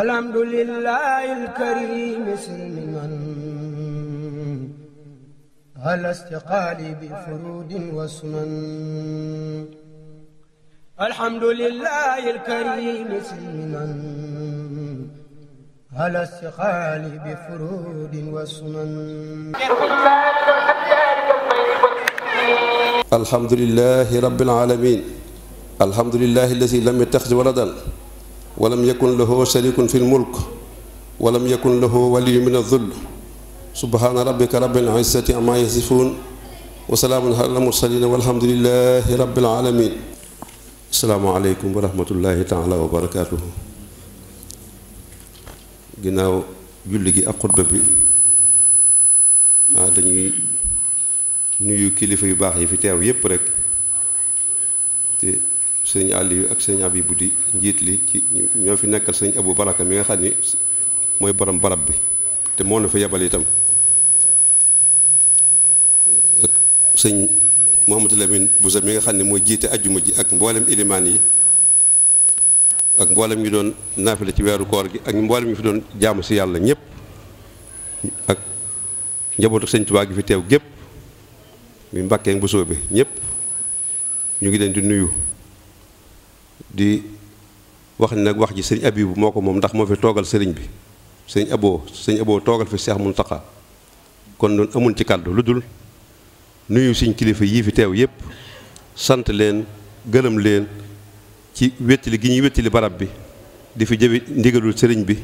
alhamdulillahi alkarim silmiman ala istiqaali bi furudin wa sunan alhamdulillahi alkarim silmiman ala istiqaali bi furudin wa sunan alhamdulillahi rabbil alamin alhamdulillahi alladi lam yattaxid waladan walam yakun lahu sharikun fi lmulk walam yakun lahu waliyu min adh-dhull subhaana rabbika rabbil izzati amma yasifun wa salaamun al-mursalin walhamdulillahi rabbil alamin asalaamaaleykum wa rahmatullahi taala wa barakaatuhu ginnaaw julli gi ak xutba bi waa ah, dañuy nuyu kilifa yu baax yi fi teew yépp rek sëriñ yi ak sëriñ Abibou di njiit li ci ñoo fi nekkal sëriñ Abou Baraka mi nga xam ni mooy borom barab bi te moo na fa yebal itam ak sëñ Mouhamadou Lamine Bousso mi nga xam ni mooy jiite ajjuma ji ak mboolem ilimaan yi ak mboolem ñu doon naafila ci weeru koor gi ak mboolem ñu fi doon jaamu si yàlla ñëpp ak njabootu sëñ Tuubaa gi fi teew gépp mi Mbàkke bu soobe ñëpp ñu ngi leen di nuyu di wax ni nag wax ji sëñ Abibu moo ko moom ndax moo fi toogal sëriñ bi sëñ Abo sëñ Abo toogal fi Seex Muntaxa kon noonu amul ci kàddu lu dul nuyu suñ kilifa yii fi teew yépp sant leen gërëm leen ci wéttali gi ñuy wéttali barab bi di fi jëwi ndigalul sëriñ bi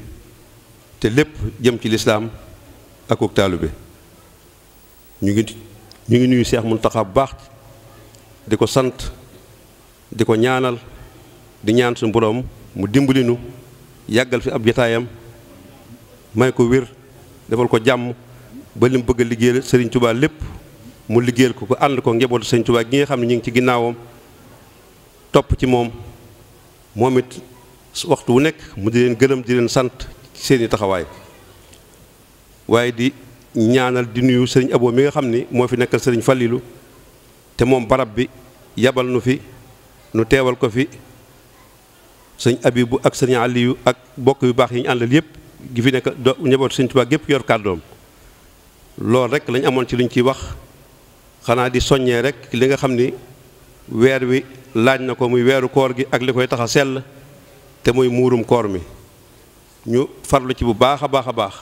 te lépp jëm ci lislaam ak ak taalibe ñu ngi ñu ngi nuyu Seex Muntaxa bu baax di ko sant di ko ñaanal di ñaan suñu boroom mu dimbali nu yàggal fi ab jotaayam may ko wér defal ko jàmm ba li bëgg a liggéeyal Serigne Touba lépp mu liggéeyal ko ko ànd ko njabootu Serigne Touba gi nga xam ne ñu ngi ci ginnaawam topp ci moom moom it waxtu wu nekk mu di leen gërëm di leen sant ci seeni taxawaay waaye di ñaanal di nuyu Serigne Abo mi nga xam ni moo fi nekkal Serigne Fallilou te moom barab bi yabal nu fi nu teewal ko fi. sëñ Abibu ak sëñ Aliyu ak bokk yu baax yi ñu àndal yëpp gi fi nekk do ñëboot sëñ Tuubaa gépp yor kàddoom loolu rek lañ amoon ci luñ ciy wax xanaa di soññee rek li nga xam ni weer wi laaj na ko muy weeru koor gi ak li koy tax a sell te muy muurum koor mi ñu farlu ci bu baax a baax a baax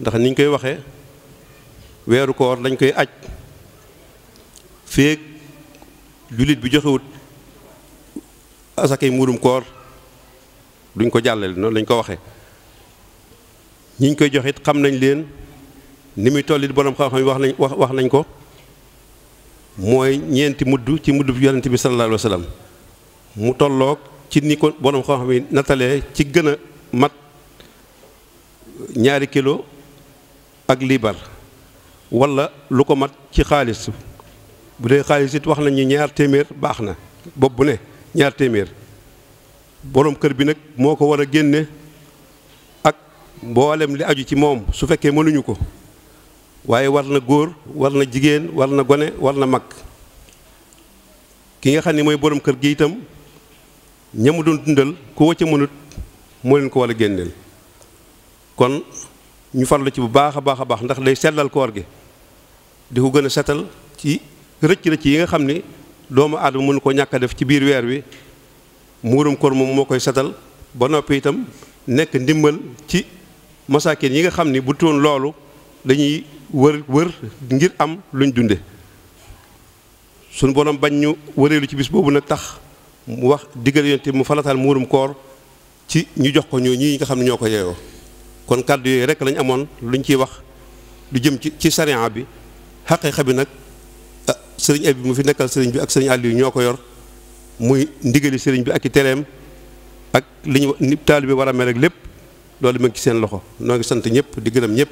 ndax niñ koy waxee weeru koor lañ koy aj féeg jullit bi joxewut asakay muurum koor duñ ko jàllale noonu lañ ko waxee ñu ñu koy jox xam nañ leen ni muy toll it borom xam yi wax nañ wax wax nañ ko mooy ñeenti mudd ci mudd bi yonent bi sallallahu alayhi wa mu tolloog ci ni ko borom xaw xam yi natalee ci gën a mat ñaari kilo ak liibar wala lu ko mat ci xaalis bu dee xaalis yit wax nañu ñaar téeméer baax na bopp bu ne ñaar téeméer boroom kër bi nag moo ko war a génne ak mboolem li aju ci moom su fekkee mënuñu ko waaye war na góor war na jigéen war na gone war na mag ki nga xam ni mooy boroom kër gi itam ñamu doon dundal ku wacca mënut moo leen ko war a génneel kon ñu farlu ci bu baax a baax a baax ndax day sellal koor gi di ko gën a setal ci rëcc rëcc yi nga xam ni doomu aadama mënu ko ñàkk def ci biir weer wi muurum koor moom moo koy setal ba noppi itam nekk ndimbal ci masaakin yi nga xam ni bu tuwoon loolu dañuy wër wër ngir am luñ dunde suñ borom bañ ñu wëreelu ci bis boobu nag tax mu wax diggal yonte mu falatal muurum koor ci ñu jox ko ñoo ñii nga xam ne ñoo ko yeeyoo kon kàddu yooyu rek lañ amoon luñ ciy wax lu jëm ci ci sariya bi xaqiiqa bi nag ah, sëriñ Abi mu fi nekkal sëriñ bi ak sëriñ Aliou ñoo ko yor muy ndigali sëriñ bi ak i tereem ak li ñu ni taalibe war a mel lépp loolu mu ci seen loxo noo ngi sant ñëpp di gërëm ñëpp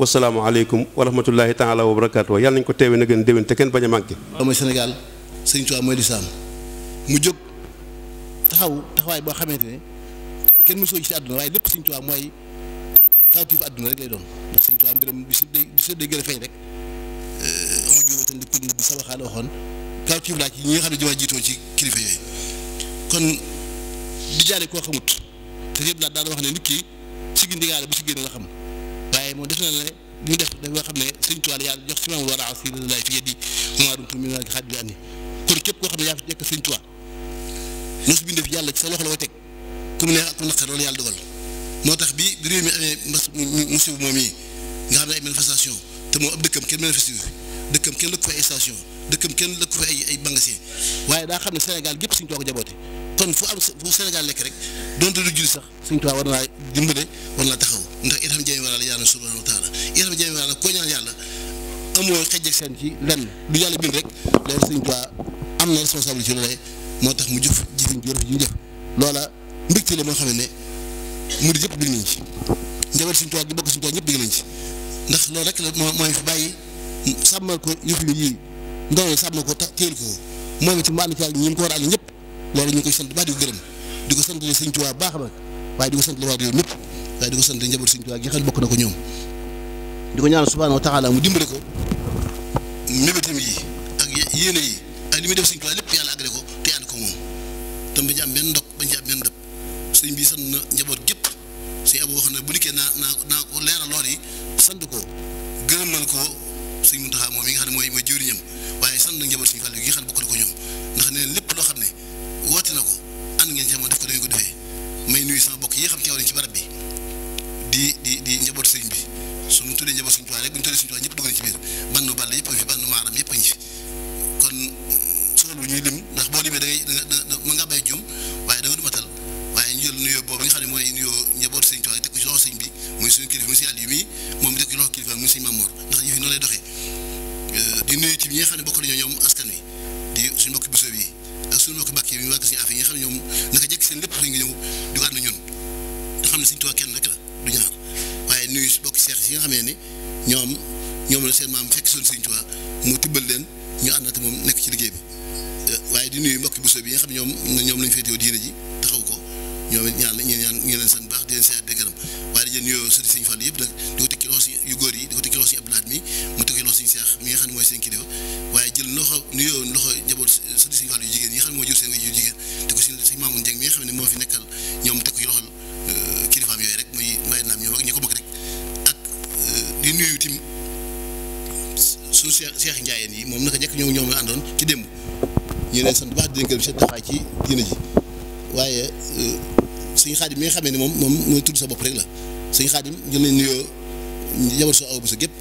wasalaamaaleykum wa rahmatullahi taala wa barakaatu yàlla nañ ko teewee na gën déwén te kenn bañ a manqué. mooy Sénégal sëriñ Tuubaa mooy lislaam mu jóg taxaw taxawaay boo xamante ne kenn mësoo gis àdduna waaye lépp sëriñ mooy kawtiifu àdduna rek lay doon ndax sëriñ Tuubaa mbiram bi sëb day bi sëb day gën a feeñ rek. Eh, waxoon kawtiif laa ci ñi nga xam ne jiitoo ci. kilifa yooyu kon di jaale koo xamut te yëpp daal daana wax ne nit si gin ndigaale bu si génn nga xam waaye moom def na ne li mu def dafa xam ne sëñ Tuubaa yàlla jox si maamul war a si lay fi yeddi maa dum tu mi naa xaaj bi àndi kon képp koo xam ne yaa fi nekk sëñ Tuubaa nosu bi def yàlla ci sa loxo la ko teg ku mu ne ak ku naqe loolu yàlla dogal moo tax bi bi réew mi amee mbas musiba moom yi nga xam ne ay manifestation te moom ab dëkkam kenn manifesté dëkkam kenn dëkkam kenn lëkk fa ay ay magasin waaye daa xam ne Sénégal gépp suñu toog jaboote kon fu am fu Sénégal lekk rek donte du julli sax suñu toog war naa dimbale war naa taxaw ndax itam jami wala yàlla subhanahu wa taala itam jami wala koo ñaan yàlla amoo xejjeg seen ci lenn du yàlla rek loolu suñu toog am na responsabilité loolee moo tax mu jëf jëfiñ jërëf ji ñu jëf loola la moo xam ne mu di yëpp dégg nañ ci bokk suñu toog ñëpp dégg nañ ci ndax loolu rek la mooy fi bàyyi sàmmal ko yëf yi ndox ndono sàmm ko téel ko moom itam mu ànd ci ak ñi mu ko war a ànd ñëpp loolu ñu koy sant baax di ko gërëm di ko sant sëñ baax nag waaye di ko sant waa réew ñëpp waaye di ko sant njaboot sëñ Tuubaa gi xam bokk na ko ñoom di ko ñaanal subhaanahu wa taala mu dimbale ko mébétam yi ak yéene yi li muy def sëñ Tuubaa lépp yàlla àggale ko te ànd ko tam bañ am benn ndog bañ am benn ndëpp sëñ bi sant na njaboot gépp sëñ Abu wax na bu dikkee naa naa naa ko leeral lool yi sant ko tuddee njaboot suñu tuwaay rek bu ñu tuddee suñu tuwaay ñëpp dugg na ci biir bannu bàll yëpp a ngi fi bannu maaram yëpp a ngi fi kon solo bu ñuy lim ndax boo limee da ngay da nga mën ngaa waaye da nga du waaye ñu jël nuyoo boobu nga xam ne mooy nuyoo njaboot suñu tuwaay teg ko ci loxo sëñ bi muy suñu kilifa muy suñu àll yu muy moom teg ko ci loxo kilifa muy sëñ Mamour ndax ñu fi noonu lay doxee euh, di nuyu ci ñi xam ne bokk seex yi nga xamee ni ñoom ñoom la seen maam fekk seen Sëriñ Tuubaa mu tibbal leen ñu ànd te moom nekk ci liggéey bi euh, waaye di nuyu mbokki Bousso bi nga xam ne ñoom ñoom lañu féetewoo diine ji taxaw ko ñoom ñaan ñaan leen sant baax di leen seet di waaye di jël nuyoo sëriñ Sëriñ Fall yëpp nag di nuyu itam suñu Cheikh Cheikh yi moom naka njëkk ñoom ñoom la àndoon ci démb ñu ne sant baax di leen gërëm ci diina ji waaye euh, suñu xaadim mi nga xamee ne moom moom mooy tudd sa bopp rek la suñu xaadim jël nañ nuyoo jabar soo aw bu sa gépp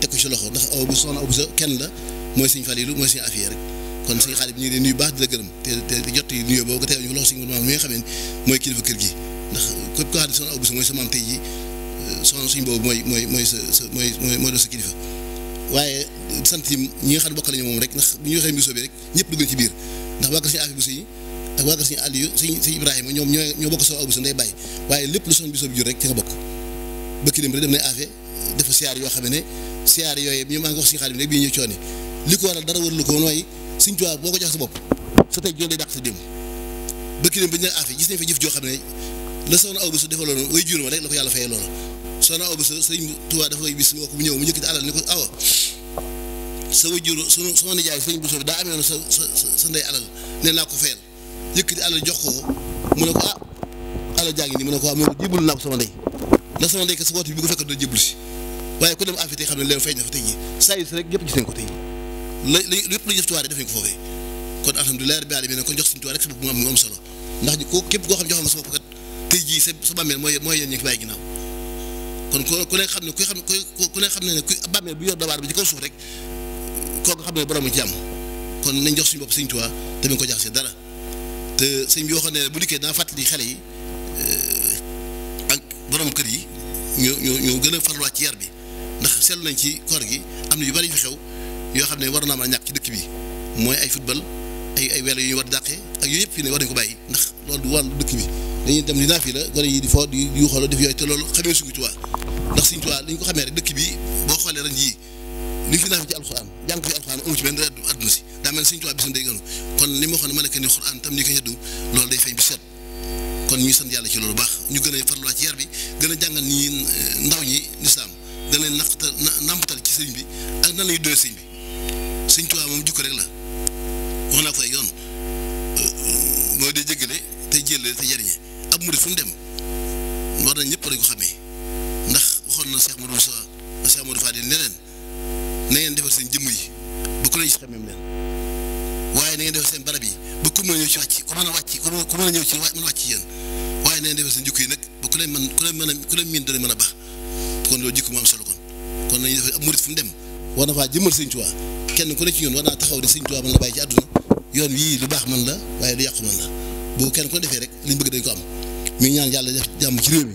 teg ko ci loxo ndax aw bu soon aw bu sa kenn la mooy suñu falilu mooy suñu affaire rek kon suñu xaadim ñu ngi leen nuyu baax di la gërëm te te jot yi nuyoo boobu ko teew ñu ko loxo suñu maam mi nga xamee ne mooy kilifa kër gi ndax képp ko xam ne soxna aw bu sa mooy sa maam tey ji soxna suñ boobu mooy mooy mooy sa waaye sant yi ñi nga xam moom rek ndax bu ñu waxee mbir rek ñëpp dugg ci biir ndax waa kër suñu affaire bu sëy ak waa ñoo ñoo bokk soxna ak bu waaye lépp lu soxna bisoo bi jur rek ci nga bokk bëkki dem rek dem nañ affaire dafa siyaar yoo xam ne siyaar yooyu ñu maa ngi wax suñu xaalis bi rek bi li ko waral dara warlu ko mooy suñ tubaab boo ko jox sa bopp sa tey jël day dàq sa démb bëkki dem ba ñu ne affaire gis nañ fa jëf joo xam ne la soxna aw bi su defaloon way jur ma rek la ko yàlla fayee loolu soxna Awa Bousso sëriñ tuwaa dafa fay bis moo ko bu ñëw mu njëkk ci alal ni ko awa sa wajur su sama nijaay sëriñ Bousso bi daa sa sa sa ndey alal nee naa ko fayal njëkk ci alal jox ko mu ne ko ah alal jaa ngi nii ne ko ah mu jébul naa ko sama ndey ndax sama ndey kat sa woote bi bu ko si waaye ku fa tey jii saa yu si rek ñëpp gis nañ ko tey la la lépp lu jëf tuwaare def nañ ko foofee ndax képp koo xam joxal nga sa bopp kat tey jii sa sa bàmmeel mooy mooy yéen ñi bàyyi ginnaaw kon ku ne xam ne ku xam ku ne xam ne ne ku bàmmeel bu yor dawaar bi ci kaw suuf rek kooku xam ne borom ci am kon nañ jox suñu bopp Sëñ Tuubaa te ko jaxasee dara te sëñ bi xam ne bu dikkee daa fàttali xale yi euh, ak borom kër yi ñu ñoo gën a farluwaat ci yar bi ndax seetlu nañ ci koor gi am na yu bari yu fi xew yoo xam ne war naa mën a ñàkk ci dëkk bi mooy ay football ay ay welo yu ñu war dàqee ak yooyu yëpp fii ne war nañ ko bàyyi ndax loolu du wàllu dëkk bi dañuy dem di naa fii la gone yi foo di yuuxaloo def yooyu te loolu xamee suñu Tuubaa ndax Sëriñ Tuubaa dañ ko xamee rek dëkk bi boo xoolee ren jii li fi naan ci alxuraan jàng fi alxuraan amu ci benn réew adduna si daa mel ne Sëriñ Tuubaa bisoon day gënu kon li ma waxoon ne ma nekk ni xuraan loolu day feeñ bi set kon ñuy sant yàlla ci loolu baax ñu gën a farluwaat ci yar bi gën a jàngal ñi eh, ndaw ñi lislaam gën a naqtal ci sëriñ bi ak nan lañuy doyee sëriñ bi Sëriñ Tuubaa moom jukko rek la wax naa ko ay yoon eh, eh, mooy day jëggale te jëllale te jariñe ab murid fu mu dem war nañ ñëpp dañ ko xamee na Cheikh Modou Moussa Cheikh Modou Fadil ne leen na ngeen defar seen jëmm yi ba ku la gis xamee leen waaye na ngeen defar seen barab yi ba ku mën a ñëw ci wàcc a a ñëw a wàcc ci yéen na ngeen defar a ku leen a baax kon loolu jikko mu na faa de sëñ Tuubaa mën la bàyyi ci àdduna yoon yii lu baax man la waaye lu yàqu man la boo kenn ku ne defee rek liñ bëgg dañ ko am mi ñaan yàlla def jàmm ci réew mi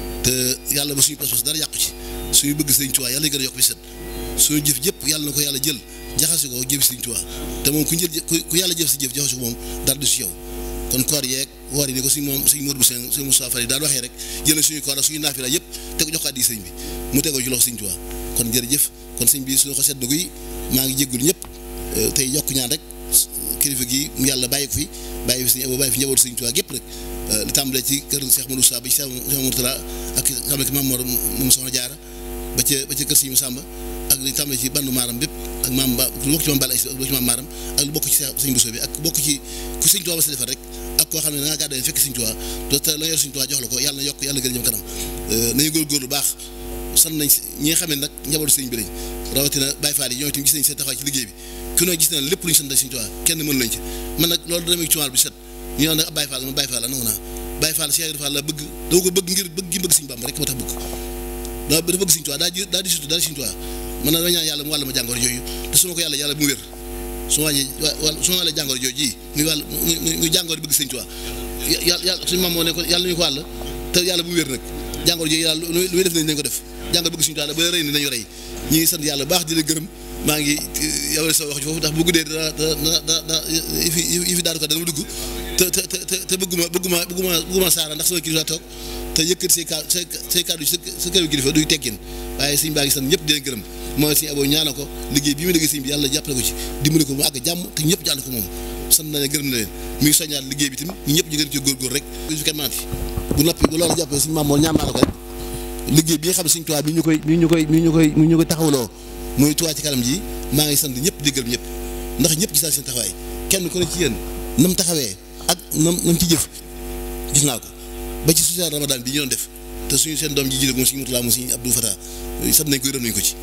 te yàlla ba suñu pas-pas dara suñu bëgg sëriñ Tuubaa yàlla gën a yokk bi set suñu jëf jëpp yàlla na ko yàlla jël jaxase ko jëf sëriñ Tuubaa te moom ku jël ku yàlla jëf si jëf jaxase ko moom dara du si yow kon koor yeeg woor yi ni ko suñu moom suñu Modou Bousso suñu Moussa Fall daal waxee rek jëlee suñu koor ak suñu naafila yëpp te ko jox ko bi mu tegoo ci loxo sëriñ Tuubaa kon jërëjëf kon sëriñ bi suñu ko sedd guy maa ngi jéggul ñëpp eh, tey yokk ñaan rek kilifa gi mu yàlla bàyyi ko fi bàyyi fi suñu bàyyi fi njaboot sëriñ Tuubaa gépp rek li euh, tàmbalee ci kër Cheikh Modou Sa ba ci Cheikh Mourtala ak ki tàmbalee ci Mame Mor moom Soxna Jaara ba ca ba ca kër Serigne ak li tàmbalee ci bandu maaram bépp ak maam ba lu bokk ci maam Balla ak maam maaram ak sa defar euh, loolu dana ci tumaal bi set ñu naan nag ab Baye Fall ma Baye Fall la nangu naa Baye Fall Cheikh Fall la bëgg dama ko bëgg ngir bëgg gi bëgg Sëñ Bàmba rek moo tax bëgg daa dafa bëgg Sëñ Tuubaa daa ji daa di surtout daa di Sëñ Tuubaa man nag dañu ñaan yàlla mu wàll ma jàngoro yooyu te su ma ko yàlla yàlla nañu ko wàll te yàlla bu mu wér nag jàngoro jooju yàlla lu muy def nañ nañ ko def jàngoro bëgg Sëñ Tuubaa ba rëy ni nañu rëy ñu ngi sant yàlla baax di la gërëm maa ngi yow sa wax ji da ndax bu guddee dana dana dana yi fi yi fi daanu ko dugg te te te te bëgguma bëgguma bëgguma bëgguma saara ndax sama kilifa toog te yëkkati say kaa say kàddu sa sa kaw kilifa duy tekkin waaye sëñ baa ngi sant ñëpp di leen gërëm mooy sëñ aboo ñaana ko liggéey bi mu liggéey sëñ bi yàlla jàppale ko ci dimbali ko mu àgg jàmm te ñëpp jàll ko moom sant na leen gërëm na leen mi ngi soññaat liggéey bi tamit ñu ñëpp ñu gën ci góorgóor rek su kenn maanti bu noppi bu loolu jàppee suñu maam moo ñaan naa la ko rek liggéey bi nga xam ne suñu tuwaa bi ñu koy bi ñu koy bi ñu koy bi ñu koy taxawloo muy tuwaa ci kanam ji maa ngi sant ñëpp di gërëm ñëpp ndax ñëpp gis naa seen taxawaay kenn ku ne ci yéen nam taxawee nam nam ci jëf gis naa ko ba ci social ramadan bi ñu doon def te suñu seen doom ji jiite moom suñu mutulaa moom suñu Abdou Fatah sant nañ ko ko ci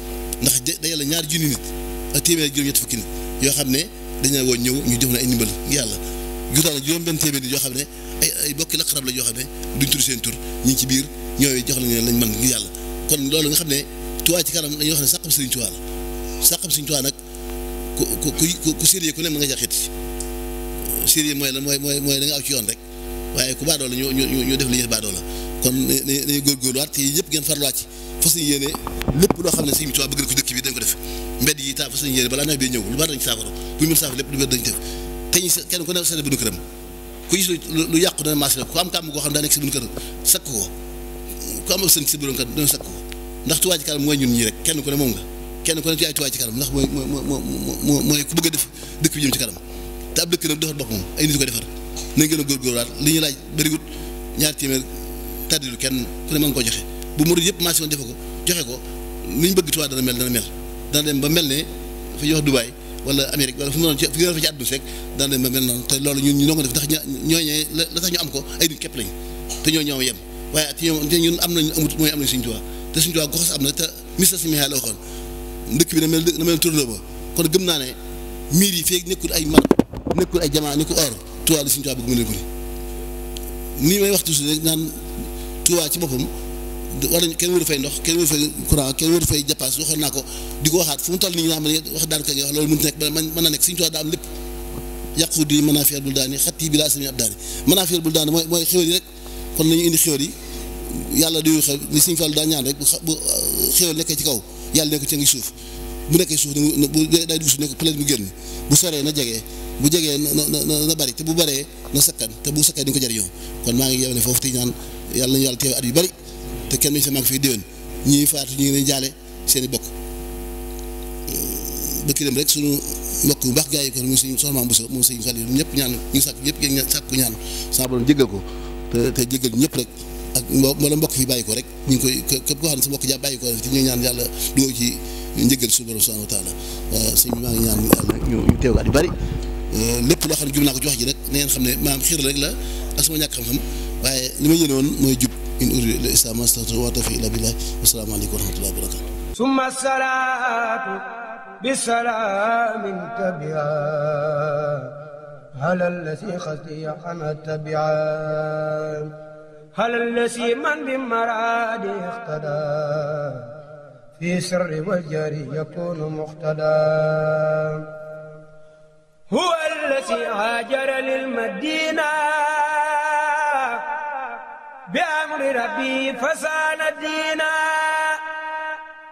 ndax day la ñaari junni nit ak téeméer juróom-ñett yoo xam ne dañu woon ñëw ñu jox na ay ndimbal yàlla jotaan na juróom-benn téeméer nit yoo xam ne ay ay bokki la xarab la yoo xam ne seen tur ñu ci biir ñooy jox lañ lañ mën ngir yàlla kon loolu nga xam ne Tuubaa ci kanam dañuy wax ne sàqam Sëriñ Tuubaa la sàqam Sëriñ Tuubaa nag ku ku ku ku sérieux ku ne mën nga jaxit tafsir yi mooy mooy mooy aw ci yoon rek waaye ku baadoo la ñu def li ñuy baadoo la kon nañu góorgóorluwaat te yëpp ngeen farluwaat ci fas ñu yéene lépp loo xam ne Sëriñ Tuubaa bëgg na ko dëkk yi taa lu yàqu dana maasale ku am kàmm goo xam daa nekk si bunt kër sakk ko ku am sën si bunt kër dana sakk ko ndax Tuubaa ci kanam mooy ñun ñi rek kenn ku ne moom nga kenn ku ne mooy ku bëgg a def dëkk bi jëm ci kanam te ab dëkk nag defar boppam ay nit ko defar gën a góorgóorlaat kenn ku ko joxe bu murid yëpp maasi woon defe ko joxe ko li ñu bëgg Tuubaa dana ne fi ñuy wax ba mel noonu te loolu ñun ñu ko def ndax ñooñee la tax ñu am ko ay nit képp ñoo ñoom yem waaye ci ñoom te ñun am nañ amut am nañ Sëñ Tuubaa te Sëñ Tuubaa goxos am na te mis na si la waxoon ndëkk bi na mel na mel turloo kon gëm naa ne miir yi fee nekkul ay mar nekkul ay jamaa ni or Touba la Sëñ Touba bëgg mu nekk nii may wax toujours rek ci boppam war nañu kenn waru fay ndox kenn waru fay courant kenn waru di ko waxaat fu mu toll nii ñu naan wax daan ko wax loolu mënut nekk mën na nekk Sëñ Touba daa am lépp yàqu di manaafi'ul buldaani xatti bi laa sami ab daani mooy mooy xéwal yi rek kon yi yàlla du xew ni Sëñ Fallu daa ñaan rek bu xéwal nekkee ci kaw yàlla nekk ci ngi suuf bu nekkee suuf bu day dugg suuf nekk peut-être mu génn bu soree na jege bu jegee na na bari te bu baree na sakkan te bu sakkan ni ko jariñoo kon maa ngi yemale foofu te ñaan yàlla nañu yàlla at yu bari te kenn duñ fa mag fii déwén ñuy faatu ñu ngi leen jaale seen i bokk bëkki rek suñu mbokk bu gaa yi kon mu suñu soxna Moussa moom suñu fàll ñëpp ñaan ñu ñëpp ngeen sàkku ñaan saa ko te te ñëpp rek ak mbooloo mbokk fi bàyyi ko rek ñu ngi koy képp koo xam ne jaa bàyyi ko rek te ñu ñaan yàlla dugal ci njëgal suñu borom subhanahu wa taala sëñ bi teew at yu bari Euh, lépp loo xam ne jub naa ko ci wax ji rek na ngeen xam ne maanaam xiir rek la ak sama ñàkk xam-xam waaye li ma yéene woon mooy jub in uriidu illal islaaha mastata'tu wa maa tawfiiqii illaa billaah wassalaamu aleykum wa rahmatullaahi wa barakaatuh summa salaatu bi salaamin tabia ala allasi xasti an tabia ala allasi man bi maraadi ixtada fi sirri wal jaari yakunu muxtada هو الذي هاجر للمدينة بأمر ربي فسان دينا